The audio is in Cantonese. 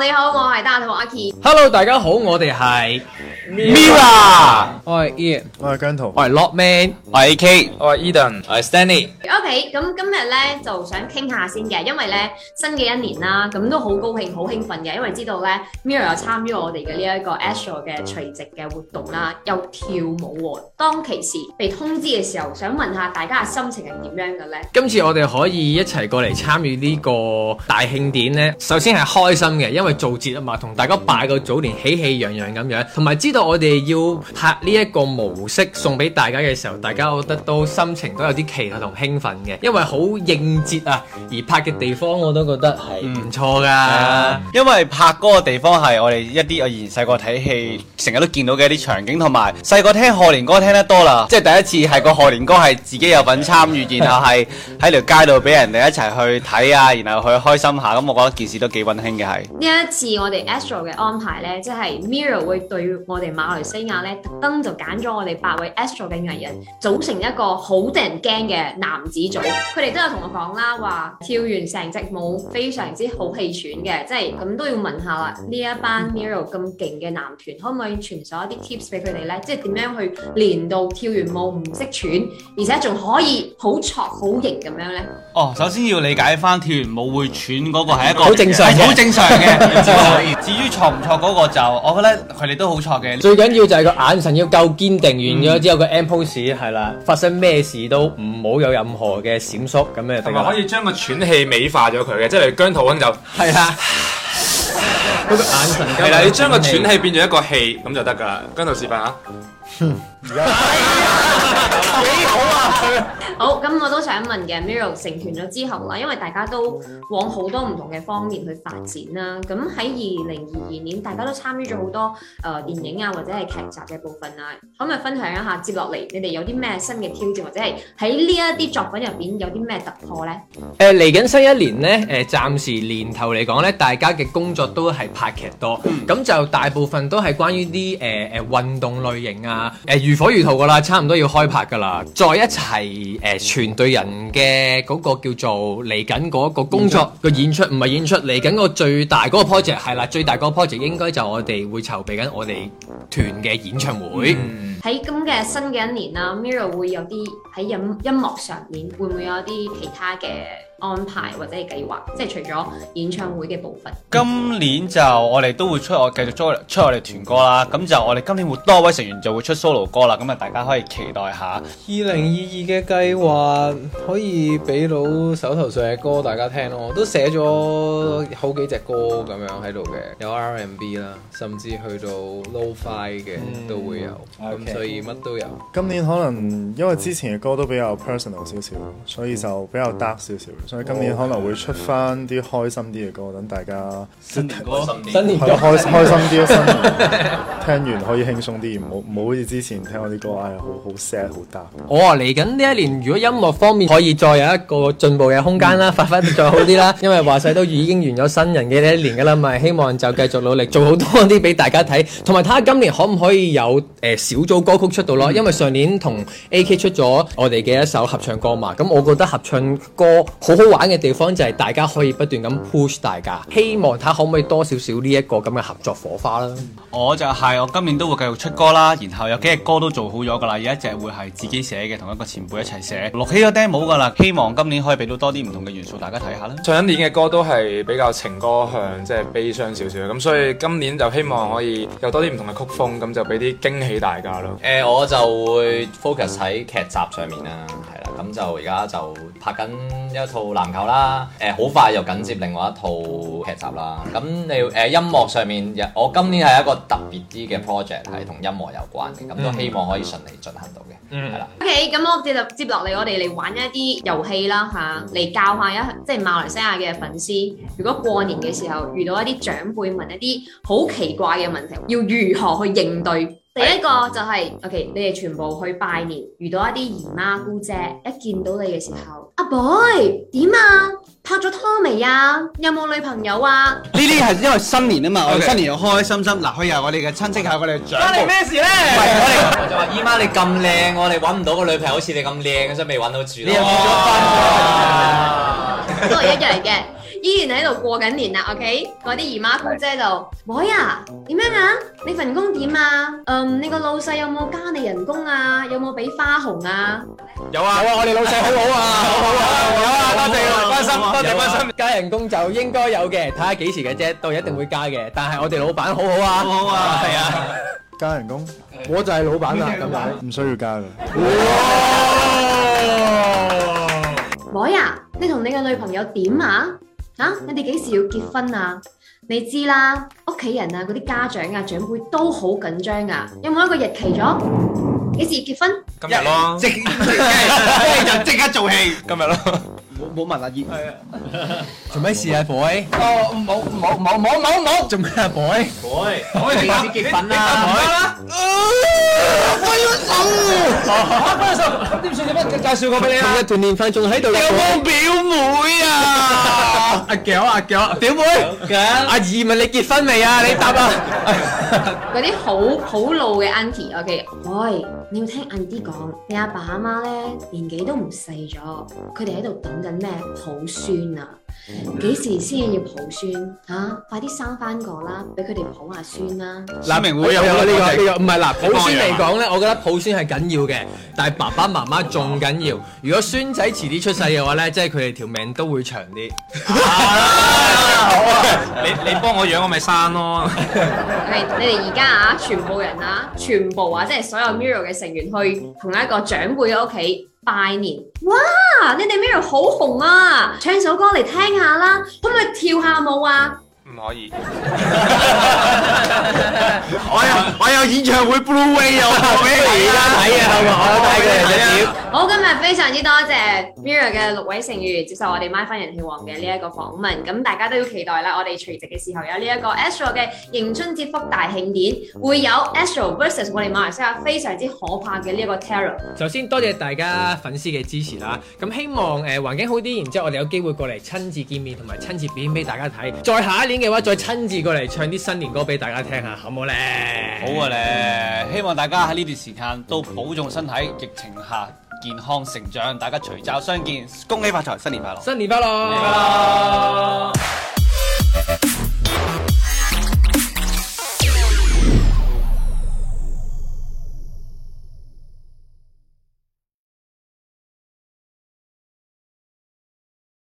你好，我係大頭阿杰。Hello，大家好，我哋係。Mira，Mira 我係 Ian，我係姜濤，我係 Lokman，我係 AK，我係 Edan，我係 Stanley。OK，咁今日咧，就想傾下先嘅，因為咧新嘅一年啦，咁都好高興、好興奮嘅，因為知道咧 Mira 又參與我哋嘅呢一個 Astro 嘅除夕嘅活動啦，又跳舞喎。當其時被通知嘅時候，想問下大家嘅心情係點樣嘅咧？今次我哋可以一齊過嚟參與呢個大慶典咧，首先係開心嘅，因為做節啊嘛，同大家拜個早年，喜氣洋洋咁樣，同埋知道。我哋要拍呢一個模式送俾大家嘅時候，大家我覺得都心情都有啲期待同興奮嘅，因為好應節啊！而拍嘅地方我都覺得係唔錯㗎，因為拍嗰個地方係我哋一啲我以前細個睇戲成日都見到嘅一啲場景，同埋細個聽賀年歌聽得多啦，即係第一次係個賀年歌係自己有份參與， 然後係喺條街度俾人哋一齊去睇啊，然後去開心下，咁我覺得件事都幾溫馨嘅，係呢一次我哋 Astro 嘅安排咧，即係 mirror 會對我哋。馬來西亞咧特登就揀咗我哋八位 Astro 嘅藝人，組成一個好得人驚嘅男子組。佢哋都有同我講啦，話跳完成隻舞非常之好氣喘嘅，即係咁都要問下啦。呢一班 MIRROR 咁勁嘅男團，可唔可以傳授一啲 tips 俾佢哋咧？即係點樣去練到跳完舞唔識喘，而且仲可以好挫好型咁樣咧？哦，首先要理解翻跳完舞會喘嗰個係一個好正常嘅，好正常嘅。至於挫唔挫嗰個就，我覺得佢哋都好挫嘅。最緊要就係個眼神要夠堅定，嗯、完咗之後個 m pose 係啦，發生咩事都唔好有任何嘅閃縮咁樣，同埋可以將個喘氣美化咗佢嘅，即係姜濤温就係啊，嗰個眼神係啦的，喘氣 你將個喘氣變咗一個氣咁就得㗎，姜濤示範下。嗯而幾 好啊！好咁，我都想問嘅，MIRROR 成團咗之後啦，因為大家都往好多唔同嘅方面去發展啦。咁喺二零二二年，大家都參與咗好多誒、呃、電影啊，或者係劇集嘅部分啊。可唔可以分享一下，接落嚟你哋有啲咩新嘅挑戰，或者係喺呢一啲作品入邊有啲咩突破呢？誒、呃，嚟緊新一年呢，誒、呃，暫時年頭嚟講呢，大家嘅工作都係拍劇多，咁就大部分都係關於啲誒誒運動類型啊。誒、呃，如火如荼噶啦，差唔多要開拍噶啦，再一齊誒、呃，全隊人嘅嗰個叫做嚟緊嗰個工作個演出，唔係演出嚟緊個最大嗰個 project 係啦，最大嗰個 project 應該就我哋會籌備緊我哋團嘅演唱會。嗯喺今嘅新嘅一年啦，MIRROR 會有啲喺音音樂上面會唔會有啲其他嘅安排或者係計劃？即係除咗演唱會嘅部分。今年就我哋都會出繼續出出我哋團歌啦，咁就我哋今年會多位成員就會出 solo 歌啦，咁啊大家可以期待下。二零二二嘅計劃可以俾到手頭上嘅歌大家聽咯，我都寫咗好幾隻歌咁樣喺度嘅，有 R&B 啦，甚至去到 low fi 嘅都會有。所以乜都有。今年可能因為之前嘅歌都比較 personal 少少，所以就比較 dark 少少。所以今年可能會出翻啲開心啲嘅歌，等大家新年歌，新，歌 新年開，開心啲。 新年聽完可以輕鬆啲，唔好唔好好似之前聽我啲歌，哎呀好好 sad 好 dark。我嚟緊呢一年，如果音樂方面可以再有一個進步嘅空間啦， 發揮得再好啲啦。因為話晒都已經完咗新人嘅呢一年㗎啦，咪希望就繼續努力，做好多啲俾大家睇，同埋睇下今年可唔可以有誒、呃、小組。歌曲出到咯，因為上年同 A K 出咗我哋嘅一首合唱歌嘛，咁我覺得合唱歌好好玩嘅地方就係大家可以不斷咁 push 大家，希望睇下可唔可以多少少呢一個咁嘅合作火花啦。我就係、是、我今年都會繼續出歌啦，然後有幾隻歌都做好咗噶啦，有一隻會係自己寫嘅，同一個前輩一齊寫。錄起咗 demo 噶啦，希望今年可以俾到多啲唔同嘅元素大家睇下啦。上一年嘅歌都係比較情歌向，即、就、係、是、悲傷少少，咁所以今年就希望可以有多啲唔同嘅曲風，咁就俾啲驚喜大家咯。誒、呃、我就會 focus 喺劇集上面啦，係啦，咁就而家就拍緊一套籃球啦，誒、呃、好快又緊接另外一套劇集啦，咁你、呃、音樂上面，我今年係一個特別啲嘅 project 係同音樂有關嘅，咁都希望可以順利進行到嘅，係、okay, 啦。OK，咁我接落接落嚟，我哋嚟玩一啲遊戲啦嚇，嚟教下一即係馬來西亞嘅粉絲，如果過年嘅時候遇到一啲長輩問一啲好奇怪嘅問題，要如何去應對？第一個就係、是、是，OK，你哋全部去拜年，遇到一啲姨媽姑姐，一見到你嘅時候，阿、啊、boy 點啊，拍咗拖未啊，又有冇女朋友啊？呢啲係因為新年啊嘛，Okay. 我哋新年又開開心心，嗱，可以有我哋嘅親戚喺我哋住。關你咩事咧？喂，我哋，就話姨媽你咁靚，我哋搵唔到個女朋友，好似你咁靚，所以未搵到住了。你又結咗婚，都係一樣嘅。依然喺度過緊年啦，OK？我啲姨媽姑姐就妹啊，點樣啊？你份工點樣啊？嗯，你個老細有冇加你人工啊？有冇俾花紅啊？有啊有啊，我哋老細好好啊，好好啊，有啊，多謝，關心，多謝，關心。加人工就應該有的，睇下幾時的啫，到一定會加的。但係我哋老闆好好啊，好好啊，係啊。加人工，我就係老闆啦，唔使唔需要加的。哇！妹啊，你同你的女朋友點啊？啊！你哋幾時要結婚啊？你知啦，屋企人啊，嗰啲家長啊，長輩都好緊張㗎。有冇一個日期咗？幾時要結婚？今日咯，即即就即刻做戲。今日咯。冇問阿姨。做咩事啊，boy？哦，冇冇冇冇冇冇。做咩啊，boy？boy，boy，你結婚啊？阿媽啦！分手！分手！點算？點樣介紹我俾你啊？今日鍛鍊翻，仲喺度。屌我表妹啊！阿囝阿囝，表妹。囝。阿姨，問你結婚未啊？你答啊！嗰啲好好老嘅 uncle，我嘅。喂，你要聽 uncle 講，你阿爸阿媽咧年紀都唔細咗，佢哋喺度等緊。咩抱孫啊？幾時先要抱孫？啊、快啲生翻個啦，俾佢哋抱下孫啦、啊。嗱孫、啊，明會有啊呢個，唔係嗱，抱孫嚟講咧，我覺得抱孫係緊要嘅，但係爸爸媽媽仲緊要。如果孫仔遲啲出世嘅話咧，即係佢哋條命都會長啲。 好啊！你幫我養我咪生咯！ okay, 你哋而家啊，全部人啊，全部啊，即係所有 MIRROR 嘅成員去同一個長輩嘅屋企拜年。哇！你哋 MIRROR 好紅啊！唱首歌嚟聽下啦，可唔可以跳下舞啊？唔可以， 我有我有演唱會 Blu-ray 我送俾你啦，睇啊，係嘛？我睇嘅 好，好今日非常之多謝 Mira 嘅六位成員接受我哋 My Fun 人氣王嘅呢一個訪問，咁大家都要期待啦，我哋除夕嘅時候有呢一個 Astro 嘅迎春節福大慶典，會有 Astro vs 我哋馬來西亞非常之可怕嘅呢一個 terror。首先多謝大家粉絲嘅支持啦，咁希望誒、呃、環境好啲，然之後我哋有機會過嚟親自見面同埋親自表演俾大家睇，再下一年嘅話，再親自過嚟唱啲新年歌俾大家聽下好不好？好唔好咧？好啊咧！希望大家喺呢段時間都保重身體，疫情下健康成長。大家除罩相見，恭喜發財，新年快樂，新年快樂！